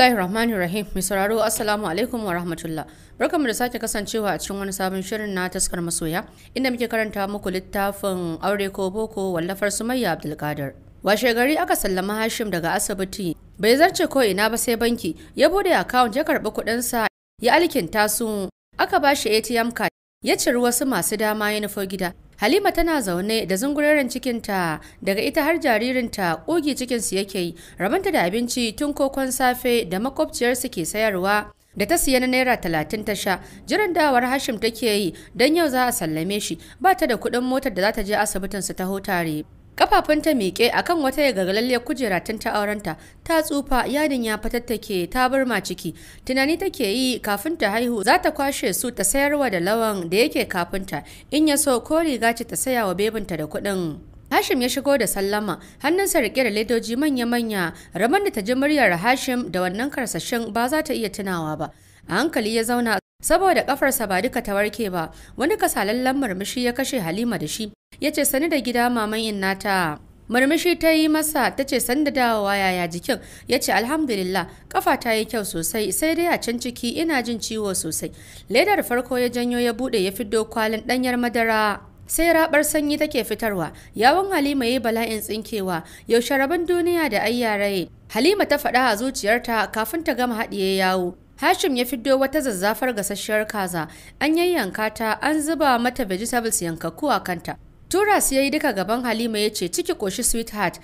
Bismillahir Rahmanir Rahim. Mai sauraro Assalamu alaikum wa rahmatullah. Barkamu da sake kasancewa a cikin wani sabon shirin na taskar masoya inda muke karanta muku littafin aure ko boko wallafar Sumayya Abdulkadir. Washe gari aka sallama Hashim daga asibiti. Bai zarce ko ina ba sai banki. Ya bude account ya karbi kuɗin sa ya alkinta su. Aka ba shi ATM card ya ciri wasu masu dama ya nufo gida halima tana zaune da zunguraren cikinta daga ita har jaririnta ƙugi cikinsu yake yi rabanta da abinci tun kokon safe da makwabciyarsu ke sayarwa da ta siya na naira talatin ta sha jiran dawar hashim take yi don yau za a sallame shi ba ta da kuɗin motar da za ta je asibitin su taho tare Kafafunta miƙe akan wata gagalalle kujera tun ta aurenta, ta tsufa yadin ya fatattake ta burma ciki. Tunani take yi kafin ta haihu za ta kwashe su ta sayarwa da lawan da yake kafinta, in ya so ko riga ce ta saya wa bebinta da kuɗin. Hashim ya shigo da sallama, hannunsa rike da ledoji manya-manya, raman da ta ji muryar Hashim da wannan karsashin ba za ta iya tunawa ba. A hankali ya zauna saboda ƙafarsa ba duka ta warke ba wani kasalallen murmushi ya kashe halima da shi ya ce sani da gida maman in nata murmushi ta yi masa ta ce da dawowa yaya jikin ya ce alhamdulillah ƙafa ta yi kyau sosai sai dai a can ciki ina jin ciwo sosai ledar farko ya janyo ya bude ya fiddo kwalin ɗanyar madara sai rabar sanyi take fitarwa yawon halima ya yi bala'in tsinkewa yaushe rabon duniya da ayyaraye halima ta faɗa a zuciyarta kafin ta gama haɗiye yawo Hashim ya fiddo wata zazzafar gasasshiyar kaza, an yayyanka ta an zuba mata vegetables yankakku a kanta. Turas ya yi duka gaban Halima ya ce ciki koshi sweetheart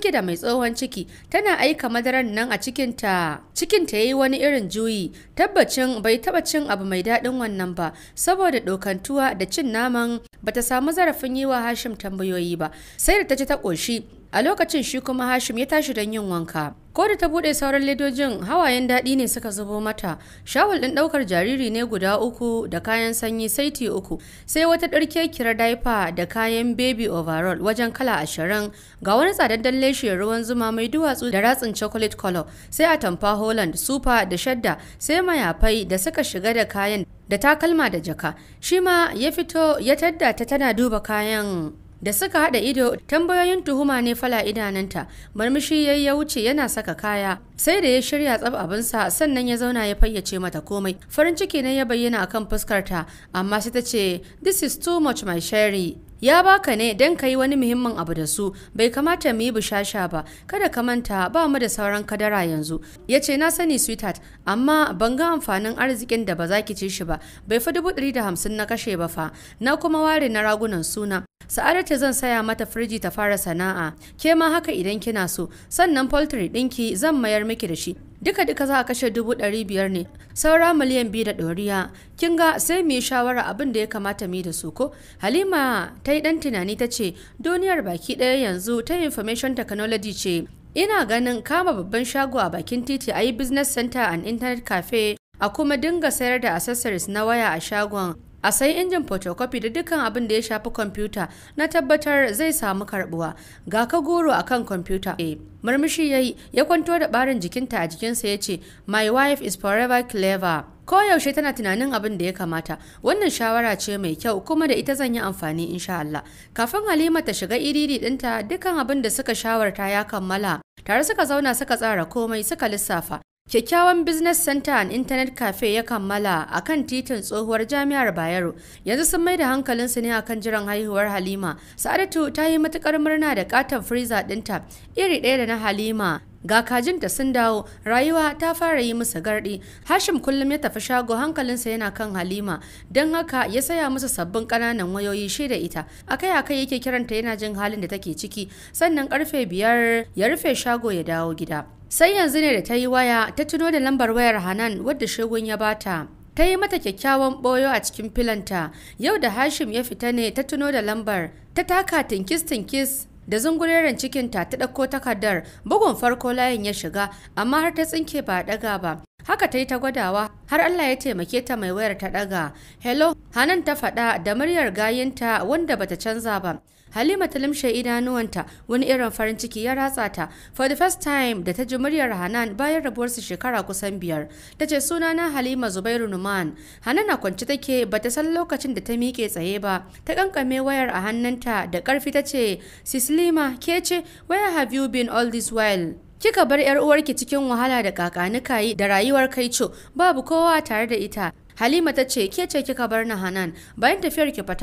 ki da mai tsohon ciki tana aika madarar nan a cikinta cikinta ya yi wani irin juyi tabbacin bai taba cin abu mai daɗin wannan ba saboda ɗokantuwa da cin naman bata samu zarafin yi wa Hashim tambayoyi ba sai da ta ci ta ƙoshi a lokacin shi kuma hashim ya tashi don yin wanka ko da ta bude sauran ledojin hawayen daɗi ne suka zubo mata shawul ɗin ɗaukar jariri ne guda uku da kayan sanyi saiti uku sai wata ɗarke kira daifa da kayan baby overall wajen kala ashirin ga wani tsadaddan leshe ruwan zuma mai duwatsu da ratsin chocolate color sai atamfa holland super da shadda sai mayafai da suka shiga da kayan da takalma da jaka shi ma ya fito ya tadda ta tana duba kayan da suka hada ido tambayoyin tuhuma ne fala idananta marmishi yayi ya wuce yana saka kaya sai da ya shirya tsab abinsa sannan ya zauna ya fayyace mata komai farin ciki ne ya bayyana akan fuskarta amma sai ta ce this is too much my sherry ya baka ne don ka yi wani muhimmin abu da su bai kamata mu yi bushasha ba kada ka manta ba mu da sauran kadara yanzu ya ce na sani sweetheart amma ban ga amfanin arzikin da ba za ki ci shi ba bai fi dubu ɗari da hamsin na kashe ba fa na kuma ware na ragunan suna sa'adatu zan saya mata firji ta fara sana'a ke ma haka idan kina so sannan poultry ɗinki zan mayar miki da shi duka-duka za a kashe dubu ɗari biyar ne saura miliyan biyu da ɗoriya kin ga sai mu yi shawara abin da ya kamata mu da su ko halima ta yi ɗan tunani ta ce duniyar baki ɗaya yanzu ta information technology ce ina ganin kama babban shago a bakin titi a yi business center and internet cafe a kuma dinga sayar da accessories na waya a shagon a sai injin photocopy da dukkan abin da ya shafi kwamfuta na tabbatar zai samu karbuwa ga ka goro a kan kwamfuta e murmushi ya yi ya kwanto da barin jikinta a jikinsa ya ce my wife is forever clever koyaushe tana tunanin abin da ya kamata wannan shawara ce mai kyau kuma da ita zan yi amfani insha Allah kafin Halima ta shiga iriri e ɗinta dukkan abin da suka shawarta ya kammala tare suka zauna suka tsara komai suka lissafa Kyakkyawan Business Center and Internet Cafe ya kammala a kan titin tsohuwar jami'ar Bayero. Yanzu sun mai da hankalinsu ne akan jiran haihuwar Halima. Sa'adatu ta yi matukar murna da katon freezer ɗinta iri ɗaya da na Halima. Ga kajinta sun dawo, rayuwa ta fara yi musu gardi. Hashim kullum ya tafi shago hankalinsa yana kan Halima, don haka ya saya musu sabbin ƙananan wayoyi shi da ita. Akai-akai yake kiranta yana jin halin da take ciki, sannan karfe biyar ya rufe shago ya dawo gida. Sai yanzu ne da ta yi waya ta tuno da lambar wayar Hanan wadda shegun ya bata. Ta yi mata kyakkyawan boyo a cikin filanta, yau da Hashim ya fita ne ta tuno da lambar, ta taka tinkis tinkis da zungureren cikinta ta ɗauko takardar bugun farko layin ya shiga amma har ta tsinke ba ɗaga ba haka ta yi ta gwadawa har Allah ya taimake ta mai wayar ta daga hello hanan ta faɗa da muryar gayinta wanda bata canza ba Halima ta limshe idanuwanta wani irin farin ciki ya ratsa ta for the first time da ta ji muryar Hanan bayan rabuwarsu shekara kusan biyar ta ce na Halima Zubairu Numan Hanan a kwance take bata san lokacin da ta miƙe tsaye ba ta kankame wayar a hannunta da ƙarfi ta ce Sislima ke ce where have you been all this while Kika bar 'yar uwarki cikin wahala da kakanikai da rayuwar kaico babu kowa tare da ita. Halima ta ce ke ce kika bar na Hanan bayan tafiyar ki ba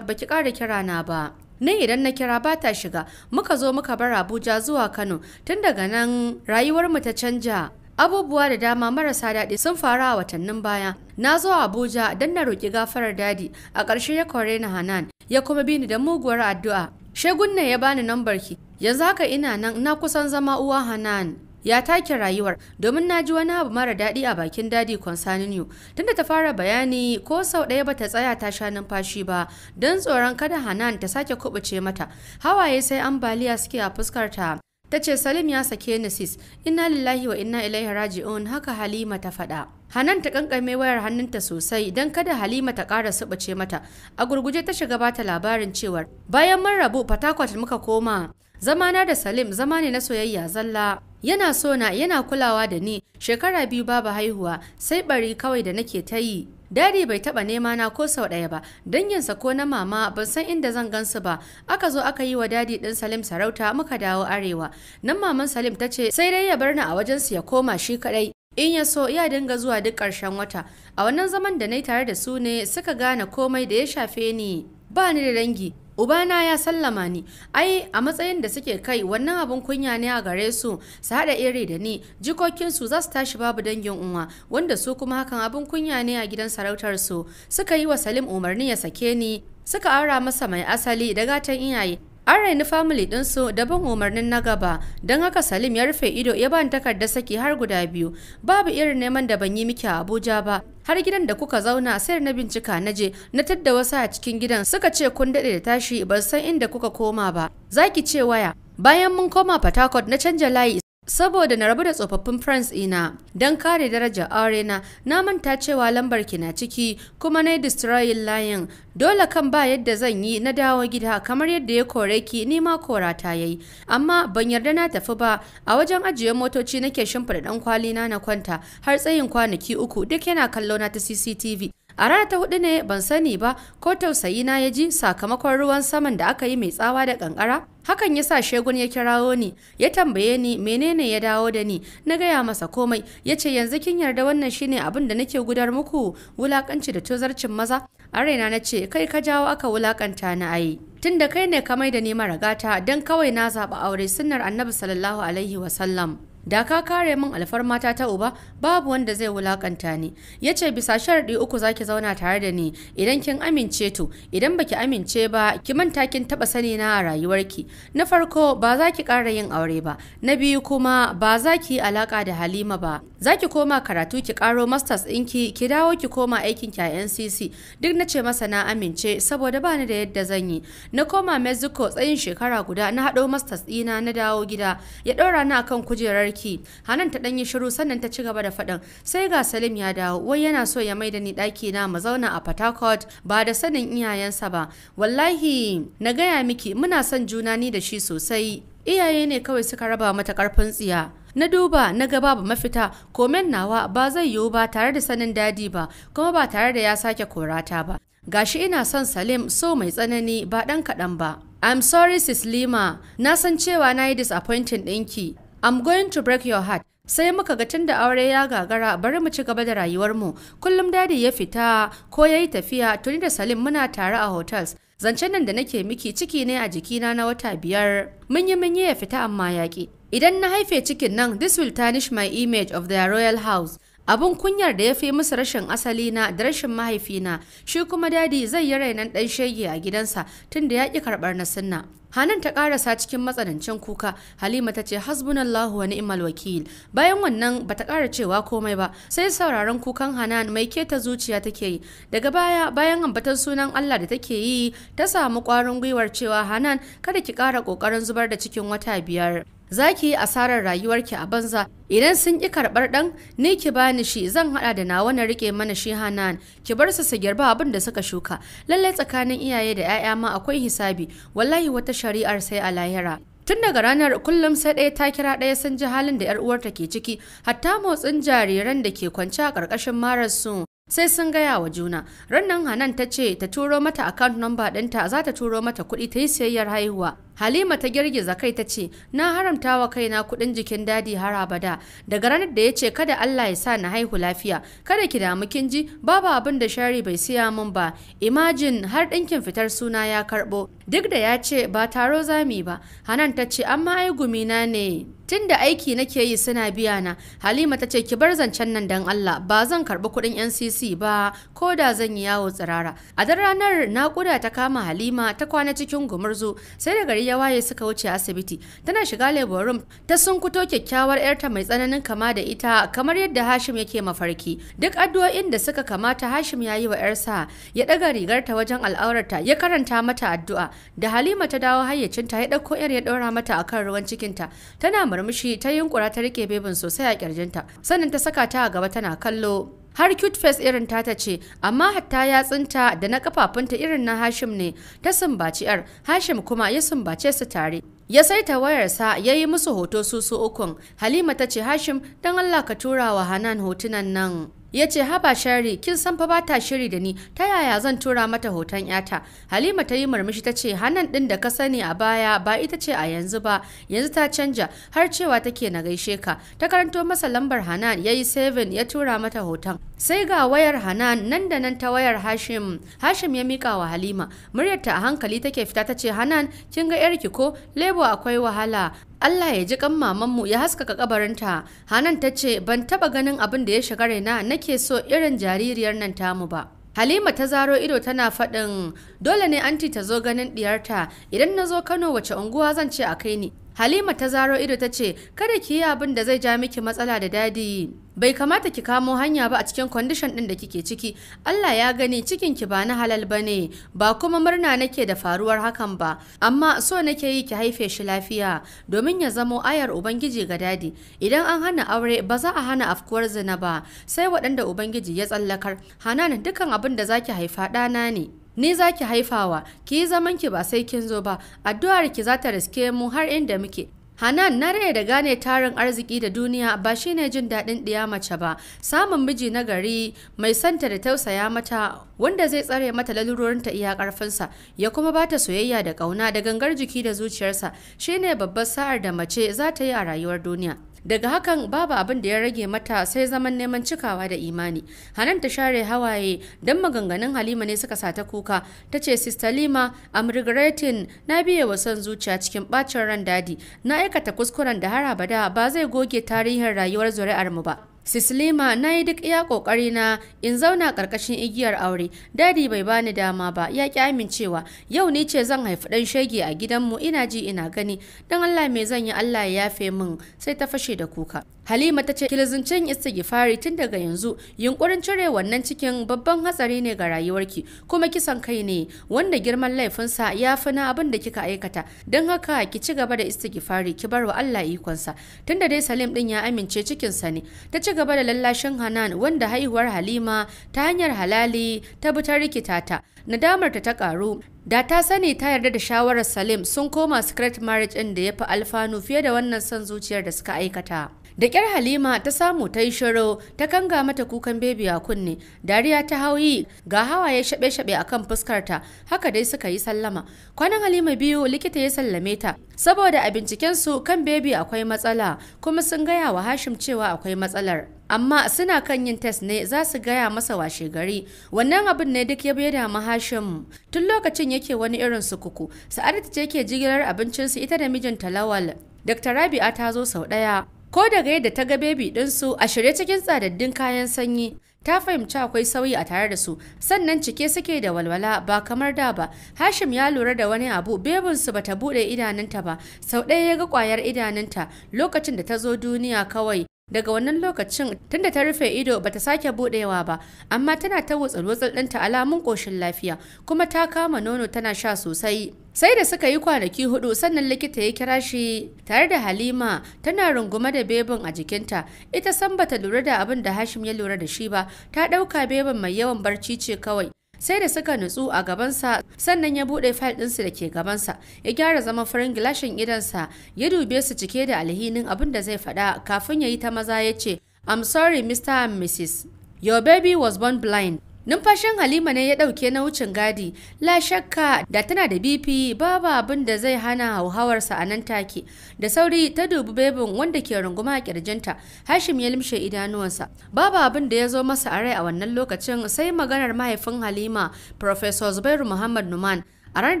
baki ƙara kira na ba. Ne idan na kira ba ta shiga muka zo muka bar Abuja zuwa Kano tun daga nan rayuwar mu ta canja. Abubuwa da dama marasa daɗi sun faru a watannin baya. Na zo Abuja don na roƙi gafarar dadi a ƙarshe ya kore na Hanan ya kuma bi ni da muguwar addu'a. Shegun ne ya bani nambar ki. Yanzu haka ina nan na kusan zama uwa Hanan. Ya take rayuwar domin na ji wani abu mara daɗi a bakin dadi concerning you. Tunda ta fara bayani ko sau ɗaya bata tsaya ta sha numfashi ba don tsoron kada Hanan ta sake kubuce mata. Hawaye sai ambaliya suke a fuskarta ta ce salim ya sake nasis. Ina lillahi wa inna ilaihi raji'un haka halima ta faɗa hanan ta kankame wayar hannunta sosai don kada halima ta ƙara bace mata a gurguje ta shiga bata labarin cewar bayan mun rabu fatakwat muka koma zamana da salim zama ne na soyayya zalla Yana so na yana kulawa da ni shekara biyu babu haihuwa sai bari kawai da nake ta yi. Dadi bai taba nema na ko sau ɗaya ba, danginsa ko na mama ban san inda zan gansu ba. Aka zo aka yi wa dadi ɗin Salim sarauta muka dawo arewa. Nan maman Salim ta ce sai dai ya bar ni a wajensu ya koma shi kaɗai. in ya so ya dinga zuwa duk ƙarshen wata a wannan zaman da na yi tare da su ne suka gane komai da ya shafe ni ba ni da dangi ubana ya sallama ni ai a matsayin da suke kai wannan abun kunya ne a gare su su haɗa iri da ni jikokinsu za su tashi babu dangin uwa, wanda su kuma hakan abun kunya ne a gidan sarautar su suka yi wa salim umarni ya sake ni suka aura masa mai asali da gatan iyaye an raini famili ɗinsu da bin umarnin na gaba don haka salim ya rufe ido ya ban takardar saki har guda biyu babu irin neman da ban yi miki a abuja ba har gidan da kuka zauna sai na bincika na je na tadda wasu a cikin gidan suka ce kun daɗe da tashi ba san inda kuka koma ba zaki ce waya bayan mun koma Fatakot na canja layi saboda na rabu da tsofaffin France ina don kare daraja aure na na manta cewa lambar ki na ciki kuma na destroying layin dole kan ba yadda zan yi na dawo gida kamar yadda ya kore ki ni ma kora ta yayi amma ban yarda na tafi ba a wajen ajiye motoci nake shimfiɗa dan kwali na na kwanta har tsayin kwanaki uku duk yana kallo na ta CCTV a rana ta hudu ne ban sani ba ko tausayi na ya ji sakamakon ruwan saman da aka yi mai tsawa da kankara hakan ya sa shegun ya kirawo ni ya tambaye ni menene ya dawo da ni na gaya masa komai ya ce yanzu kin yarda wannan shine abin da nake gudar muku wulakanci da tozarcin maza a raina na ce kai ka jawo aka wulakanta na ayi tun da kai ne ka mai da ni maragata don kawai na zaɓi aure sunnar annabi sallallahu alaihi wasallam da ka kare min alfarmata ta uba babu wanda zai wulakanta ni ya ce bisa sharaɗi uku zaki zauna tare da ni idan kin amince to idan baki amince ba ki manta kin taba sani na a rayuwarki na farko ba za ki yin aure ba na biyu kuma ba za ki yi alaƙa da halima ba za ki koma karatu ki karo masters ɗinki ki ki dawo ki koma aikin ki a ncc duk na ce masa na amince saboda bani da yadda zan yi na koma mexico tsayin shekara guda na haɗo masters ɗina na dawo gida ya ɗora ni akan kujerar ɗaki hanan ta danyi shiru sannan ta ci gaba da faɗin sai ga salim ya dawo wai yana so ya maida ni ɗaki na mu zauna a port ba da sanin iyayensa ba wallahi na gaya miki muna son juna ni da shi sosai iyaye ne kawai suka raba mata karfin tsiya na duba na ga babu mafita komen nawa ba zai yiwu ba tare da sanin dadi ba kuma ba tare da ya sake korata ba gashi ina son salim so mai tsanani ba ɗan kaɗan ba I'm sorry Sis na san cewa na yi disappointing ɗinki, I'm going to break your heart. sai muka ga tunda aure ya gagara bari mu ci gaba da rayuwarmu kullum dadi ya fita ko ya yi tafiya tuni da salim muna tare a hotels zancen nan da nake miki ciki ne a jikina na wata biyar mun yi mun yi ya fita amma yaƙi idan na haife cikin nan this will tarnish my image of the royal house abun kunyar da ya fi musu rashin asali na da rashin mahaifina shi kuma dadi zai yi rainan ɗan shege a gidansa tunda ya ƙi karɓar na sunna Hanan ta karasa cikin matsanancin kuka, Halima ta ce hasbunallahu wa ni'mal wakil. Bayan wannan bata ƙara cewa komai ba, sai sauraron kukan Hanan mai keta zuciya take yi. Daga baya bayan ambatan sunan Allah da take yi, ta samu ƙwarin gwiwar cewa Hanan kada ki kara ƙoƙarin zubar da cikin wata biyar. za ki yi asarar rayuwarki a banza idan sun ƙi karɓar ɗan ni ki bani shi zan haɗa da nawa na riƙe mana shi hanan ki bar su su girba abin da suka shuka lallai tsakanin iyaye da 'ya'ya ma akwai hisabi wallahi wata shari'ar sai a lahira tun daga ranar kullum sai ɗaya ta kira ɗaya sun ji halin da 'yar uwarta ke ciki hatta motsin jariran da ke kwance a ƙarƙashin marar sun. sai sun gaya wa juna rannan hanan ta ce ta turo mata account number ɗinta za ta turo mata kuɗi ta yi siyayyar haihuwa halima ta girgiza kai ta ce na haramta wa kaina kuɗin jikin dadi har abada daga ranar da ya ce kada allah ya sa na haihu lafiya kada ki damu kin ji babu abin da shari bai siya min ba imajin har ɗinkin fitar suna ya karɓo duk da ya ce ba taro zami ba hanan ta ce amma ai gumina ne tun da aiki nake yi suna biya na halima ta ce ki bar zancen nan dan allah ba zan karbi kuɗin ncc ba ko da zan yi yawo tsirara a dan ranar naƙuda ta kama halima ta kwana cikin gumurzu sai da gari ya waye suka wuce asibiti tana shiga labor room ta sunkuto kyakkyawar yarta mai tsananin kama da ita kamar yadda hashim yake mafarki duk addu'o'in da suka kamata hashim ya yi wa yarsa ya ɗaga rigarta wajen al'aurarta ya karanta mata addu'a da halima ta dawo hayyacinta ya ɗauko yar ya ɗora mata akan ruwan cikinta tana murmushi ta yunkura ta rike bebin sosai a kirjinta sannan ta saka ta a gaba tana kallo har cute face irin ta ta ce amma hatta yatsunta da na kafafunta irin na hashim ne ta sumbaci yar hashim kuma ya sumbace su tare ya saita wayarsa ya yi musu hoto su su ukun halima ta ce hashim don allah ka tura wa hanan hotunan nan ya ce haba shari kin san fa bata shiri da ni ta yaya zan tura mata hoton yata halima ta yi murmushi ta ce hannun din da ka sani a baya ba ita ce a yanzu ba yanzu ta canja har cewa take na gaishe ka ta karanto masa lambar hanan ya yi seven ya tura mata hoton sai ga wayar hanan nan da nan ta wayar hashim hashim ya mika wa halima muryarta a hankali take fita ta ce hanan kin ga yarki ko lebo akwai wahala Allah ya ji kan mamanmu ya haskaka kabarinta Hanan ta ce ban taba ganin abin da ya shiga raina nake so irin jaririyar nan tamu ba Halima ta zaro ido tana faɗin dole ne anti ta zo ganin diyarta idan na zo Kano wace unguwa zan ce a kai ni Halima ta zaro ido ta ce kada ki yi abin da zai ja miki matsala da dadi bai kamata ki kamo hanya ba a cikin kwandishan ɗin da kike ciki Allah ya gani cikin ki ba na halal ba ne ba kuma murna nake da faruwar hakan ba amma so nake yi ki haife shi lafiya domin ya zamo ayar ubangiji ga dadi idan an hana aure ba za a hana afkuwar zina ba sai waɗanda ubangiji ya tsallakar hanan dukan abin da zaki haifa ɗana ne ni zaki haifawa ki yi zaman ki ba sai kin zo ba addu'ar ki za ta riske mu har inda muke Hanan na rai da gane tarin arziki da duniya ba shine jin daɗin ɗiya mace ba, samun miji na gari mai santa da tausaya mata wanda zai tsare mata lalurorinta iya ƙarfinsa ya kuma ba ta soyayya da ƙauna da gangar jiki da zuciyarsa shine babbar sa'ar da mace za ta yi a rayuwar duniya. daga hakan babu abin da ya rage mata sai zaman neman cikawa da imani hanan ta share hawaye don maganganun halima ne suka sata kuka ta ce sister lima am regretting na biye wa son zuciya cikin bacin ran dadi na aikata kuskuren da har abada ba zai goge tarihin rayuwar zuri'ar mu ba Sislima na yi duk iya kokari na in zauna ƙarƙashin igiyar aure. Dadi bai bani dama ba, ya ki amincewa. Yau ni ce zan haifi ɗan shege a gidanmu ina ji ina gani. Dan Allah mai zan yi Allah ya yafe min sai ta fashe da kuka. Halima ta ce kilizincin gifari tun daga yanzu yunkurin cire wannan cikin babban hatsari ne ga rayuwarki kuma kisan kai ne wanda girman laifinsa ya fi na abin da kika aikata don haka ki ci gaba da istighfari ki bar wa Allah ikonsa tun da dai Salim din ya amince cikinsa ne ta ci gaba da lallashin Hanan wanda haihuwar Halima ta hanyar halali ta bi ta rikita ta nadamar ta karu da ta sani ta yarda da shawarar Salim sun koma secret marriage din da ya fi alfanu fiye da wannan son zuciyar da suka aikata. da kyar halima ta samu ta yi shiro ta kanga mata kukan bebi a kunne dariya ta hauyi ga hawaye shaɓe-shaɓe a kan fuskarta haka dai suka yi sallama kwanan halima biyu likita ya sallame ta saboda a bincikensu kan bebi akwai matsala kuma sun gaya wa hashim cewa akwai matsalar amma suna kan yin test ne za su gaya masa washe gari wannan abin ne duk ya bai da mahashin tun lokacin yake wani irin sukuku sa'adatu ce ke jigilar abincinsu ita da mijinta lawal dr rabi'a ta zo sau ɗaya Ko daga yadda ta ga bebi ɗinsu a shirye cikin tsadaddin kayan sanyi, ta fahimci akwai sauyi a tare da su sannan cike suke da walwala ba kamar da ba hashim ya lura da wani abu bebinsu ba ta buɗe idanunta ba sau ɗaya ya ga ƙwayar idanunta lokacin da ta zo duniya kawai daga wannan lokacin tunda ta rufe ido bata sake budewa ba amma tana ta wutsal wutsal ɗinta alamun ƙoshin lafiya kuma ta kama nono tana sha sosai sai da suka yi kwanaki hudu sannan likita ya kira shi tare da halima tana runguma da bebin a jikinta ita san bata lura da abin da hashim ya lura da shi ba ta ɗauka bebin mai yawan barci ce kawai sai da suka nutsu a gabansa sannan ya buɗe fayil ɗinsu da ke gabansa ya gyara zaman farin gilashin idansa ya dube su cike da alhinin abin da zai faɗa kafin ya yi ta maza ya ce I'm sorry Mr. and Mrs. Your baby was born blind numfashin halima ne ya ɗauke na wucin gadi la shakka da tana da bp babu abin da zai hana hauhawarsa a nan take da sauri ta dubi bebin wanda ke runguma a kirjinta hashim ya limshe idanuwansa babu abin da ya zo masa a rai a wannan lokacin sai maganar mahaifin halima professor zubairu muhammad numan a ranar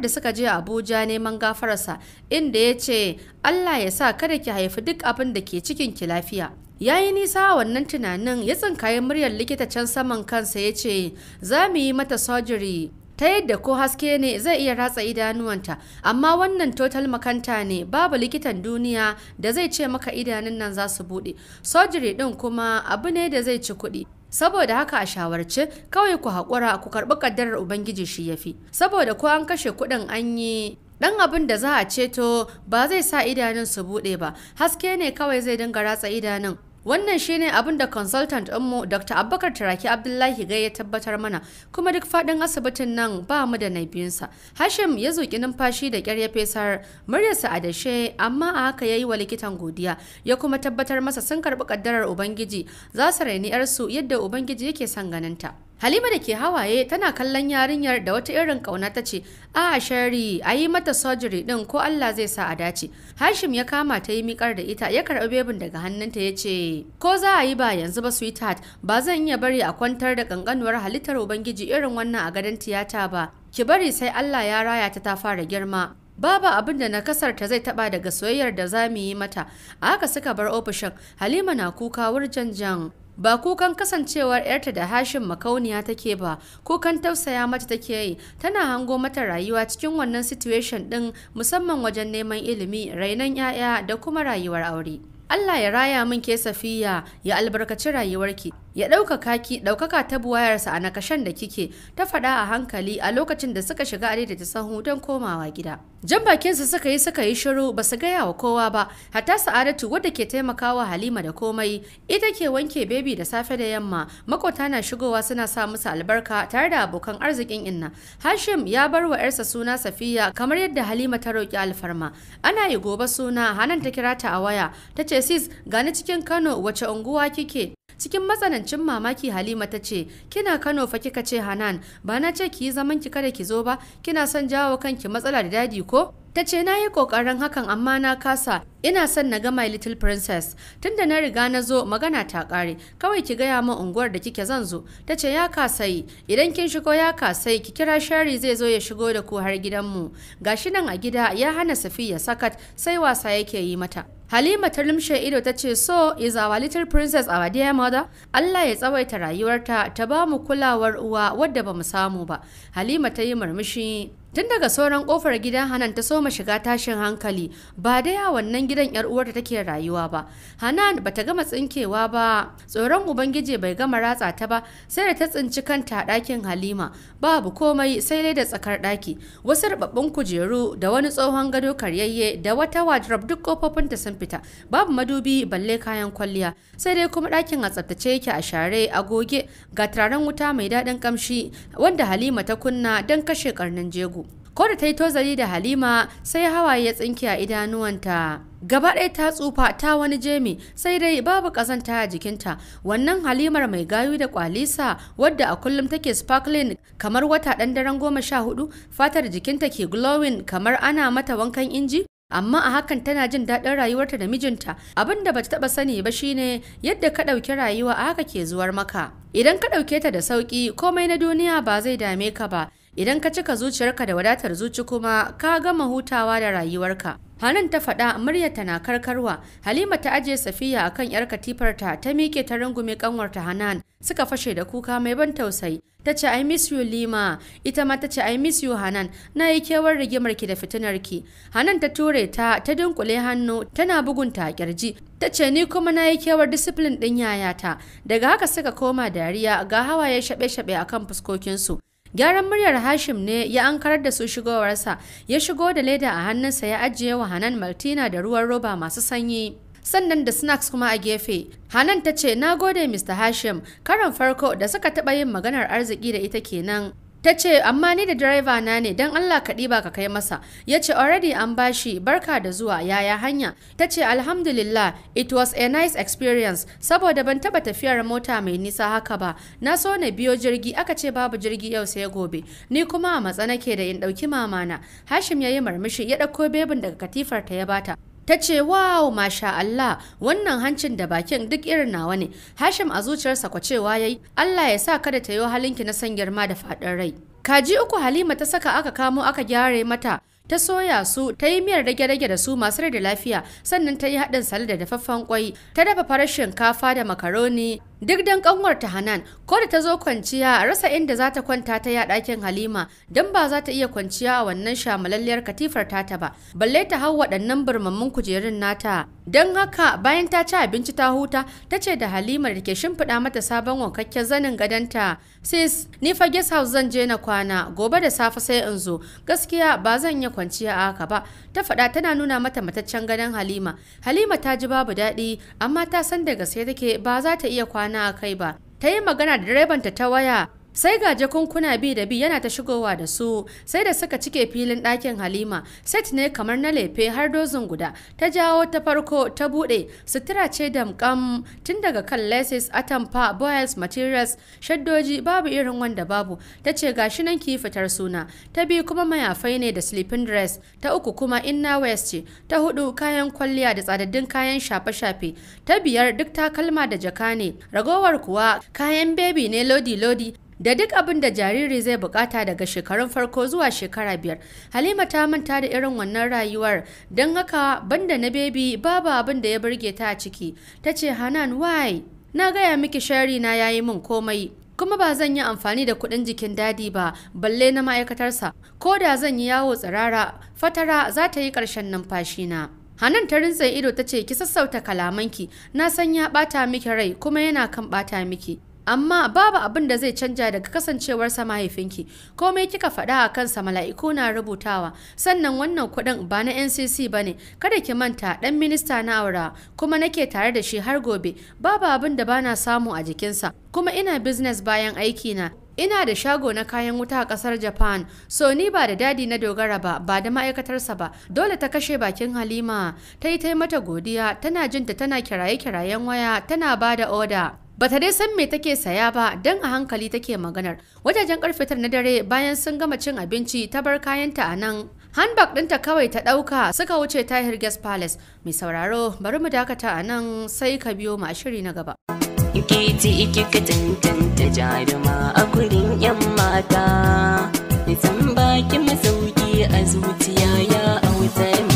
da suka je abuja neman gafararsa inda ya ce allah ya sa kada ki haifi duk abin da ke cikin ki lafiya ya yi nisa wannan tunanin ya tsinkayi muryar likita can saman kansa ya ce za mu yi mata sojiri ta yadda ko haske ne zai iya ratsa idanuwanta amma wannan total makanta ne babu likitan duniya da zai ce maka idanun nan za su buɗe sojiri ɗin kuma abu ne da zai ci kuɗi saboda haka a shawarce kawai ku haƙura ku karɓi ƙaddarar ubangiji shi ya fi saboda ko an kashe kuɗin an yi ɗan abin da za a ceto ba zai sa idanun su buɗe ba haske ne kawai zai dinga ratsa idanun Wannan shine abin da consultant ɗinmu Dr. Abubakar Taraki Abdullahi Gai ya tabbatar mana kuma duk faɗin asibitin nan ba mu da na biyunsa. Hashim ya zuƙi numfashi da ƙyar ya fesar muryarsa a dashe amma a haka ya yi wa likitan godiya ya kuma tabbatar masa sun karɓi ƙaddarar Ubangiji za su raini 'yarsu yadda Ubangiji yake son ganinta. Halima da ke hawaye tana kallon yarinyar da wata irin kauna ta ce, "A shari, a yi mata sojiri ɗin ko Allah zai sa a dace." Hashim ya kama ta yi mikar da ita ya karɓi bebin daga hannunta ya ce, "Ko za a yi ba yanzu ba sweetheart, ba zan iya bari a kwantar da kankanuwar halittar Ubangiji irin wannan a gadon tiyata ba. Ki bari sai Allah ya raya ta ta fara girma." babu abin da kasar ta zai taba daga soyayyar da za mu yi mata a haka suka bar ofishin halima na kuka wurjan jan ba kukan kasancewar ‘yarta da hashin makauniya take ba kukan tausaya mata take yi tana hango mata rayuwa cikin wannan situation ɗin musamman wajen neman ilimi rainon ‘ya'ya da kuma rayuwar aure Allah ya raya min ke safiya ya albarkaci rayuwarki ya ɗaukaka ki ɗaukaka ta buwayarsa a nakashen da kike ta faɗa a hankali a lokacin da suka shiga adai da sahu don komawa gida jan bakinsa suka yi suka yi shiru ba su gaya wa kowa ba hatta sa'adatu wadda ke taimakawa halima da komai ita ke wanke bebi da safe da yamma makota na shigowa suna sa musu albarka tare da abokan arzikin inna hashim ya bar wa yarsa suna safiya kamar yadda halima ta roƙi alfarma ana yi gobe suna hanan ta kira ta a waya ta ce sis gani cikin kano wace unguwa kike cikin matsanancin mamaki halima ta ce kina kano fa kika ce hanan ba na ce ki yi zaman ki kada ki zo ba kina son jawo kanki matsala da dadi ko ta ce na yi kokarin hakan amma na kasa ina son na ga my little princess tunda na riga na zo magana ta kare kawai ki gaya min unguwar da kike zan zo ta ce ya kasai idan kin shigo ya kasai ki kira shari zai zo ya shigo da ku har gidanmu gashi nan a gida ya hana safiya sakat sai wasa yake yi mata Halima ta lumshe ido ta ce so is our little princess our dear mother. Allah ya tsawaita rayuwarta ta ba mu kulawar uwa wadda ba mu samu ba. Halima ta yi murmushi Tun daga sauran kofar gidan Hanan ta soma shiga tashin hankali ba da ya wannan gidan yar uwarta take rayuwa ba. Hanan ta gama tsinkewa ba, tsoron Ubangiji bai gama ratsa ta ba sai da ta tsinci kanta a ɗakin Halima. Babu komai sai dai da tsakar ɗaki. Wasu rubabbun kujeru da wani tsohon gado karyayye da wata wardrobe duk kofofin ta sun fita babu madubi balle kayan kwalliya sai dai kuma ɗakin a tsaftace yake a share a goge ga turaren wuta mai daɗin kamshi wanda halima ta kunna don kashe karnin jego ko da ta yi tozali da halima sai hawaye ya tsinke a idanuwanta gaba ɗaya ta tsufa ta wani jemi sai dai babu ƙazanta a jikinta wannan halimar mai gayu da kwalisa wadda a kullum take sparkling kamar wata ɗan daren goma sha hudu fatar jikinta ke glowing kamar ana mata wankan inji amma a hakan tana jin daɗin rayuwarta da mijinta abin da bata taɓa sani ba shine yadda ka ɗauki rayuwa a haka ke zuwar maka idan ka ɗauke ta da sauƙi komai na duniya ba zai dame ka ba Idan ka cika zuciyarka da wadatar zuci kuma ka gama hutawa da rayuwarka. Hanan ta faɗa muryarta na karkarwa. Halima ta ajiye Safiya kan yar katifarta ta miƙe ta rungume kanwarta Hanan suka fashe da kuka mai ban tausayi. Ta ce I miss you Lima, ita ma ta ce I miss you Hanan, na yi kewar rigimar ki da fitinar ki. Hanan ta ture ta ta dunkule hannu tana bugun ta kirji. Ta ce ni kuma na yi kewar discipline ɗin yayata. Daga haka suka koma dariya ga hawaye shaɓe-shaɓe akan fuskokinsu. Gyaran muryar Hashim ne ya ankarar da su shigowarsa, ya shigo da leda a hannunsa ya ajiye wa Hanan maltina da ruwan roba masu sanyi. sannan da snacks kuma a gefe. Hanan ta ce, Na gode Mr. Hashim, karan farko da suka taɓa yin maganar arziki da ita kenan. ta ce amma ni da direba na ne don Allah ka ba ka kai masa ya ce already an bashi barka da zuwa yaya hanya ta ce alhamdulillah it was a nice experience saboda ban taba tafiyar mota mai nisa haka ba na so na biyo jirgi aka ce babu jirgi yau sai gobe ni kuma a matsa nake da in ɗauki mamana hashim ya yi murmushi ya ɗauko bebin daga katifarta ta ya bata ta ce wow masha Allah wannan hancin da bakin duk irin nawa ne Hashim a zuciyarsa kwacewa yayi Allah ya sa kada ta yi halinki na san girma da fadin rai kaji uku Halima ta saka aka kamo aka gyare mata ta soya su ta yi miyar rage-rage da su masu rai da lafiya sannan ta yi haɗin sali da dafaffen kwai ta dafa farar shinkafa da makaroni duk dan kanwar ta hanan ko da ta zo kwanciya a rasa inda za ta kwanta ta ya ɗakin halima don ba za ta iya kwanciya a wannan shamalalliyar katifar tata ba balle ta hau waɗannan burmammun kujerun nata don haka bayan ta ci abinci ta huta ta ce da halima da ke shimfiɗa mata sabon wankakken zanin gadonta sis ni fa guest house zan je na kwana gobe da safe sai in zo gaskiya ba zan iya kwanciya a haka ba ta faɗa tana nuna mata mataccen gadon halima halima ta ji babu daɗi amma ta san daga sai take ba za ta iya kwana a kai ba ta yi magana da direbanta ta waya sai ga jakunkuna bi da bi yana ta shigowa da su sai da suka cike filin ɗakin halima set ne kamar na lefe har dozin guda ta jawo ta farko ta buɗe sutura ce damƙam tun daga kan laces atamfa boils materials shaddoji babu irin wanda babu ta ce gashi nan ki fitar suna ta biyu kuma mayafai ne da sleeping dress ta uku kuma inna west ce ta hudu kayan kwalliya da tsadaddun kayan shafe-shafe ta biyar duk takalma da jaka ne ragowar kuwa kayan baby ne lodi-lodi da duk abin da jariri zai bukata daga shekarun farko zuwa shekara biyar halima ta manta da irin wannan rayuwar don haka banda na bebi babu abin da ya burge ta a ciki ta ce hanan wai na gaya miki shari na yayi min komai kuma ba zan yi amfani da kuɗin jikin dadi ba balle na ma'aikatarsa ko da zan yi yawo tsirara fatara za ta yi ƙarshen numfashina hanan ta rintse ido ta ce ki sassauta kalamanki na san ya ɓata miki rai kuma yana kan bata miki amma babu abin da zai canja daga kasancewarsa mahaifinki komai kika faɗa a kansa mala'iku na rubutawa sannan wannan kuɗin ba na ncc ba ne kada ki manta ɗan minista na aura kuma nake tare da shi har gobe babu abin da bana samu a jikinsa kuma ina business bayan aiki na ina da shago na kayan wuta a kasar japan so ni ba da dadi na dogara ba ba da ma'aikatarsa ba dole ta kashe bakin halima ta yi ta mata godiya tana jinta tana kiraye-kirayen waya tana ba da oda Bata dai san me take saya ba don a hankali take maganar. Wajajen karfe tar na dare bayan sun gama cin abinci ta bar kayanta a nan. Handbag ɗinta kawai ta ɗauka suka wuce Tahir Guest Palace. Mai sauraro bari mu dakata a nan sai ka biyo mu a shiri na gaba. Kiti iki ka tantanta jaruma a gurin 'yan mata. Zan baki masauki a zuciya ya autar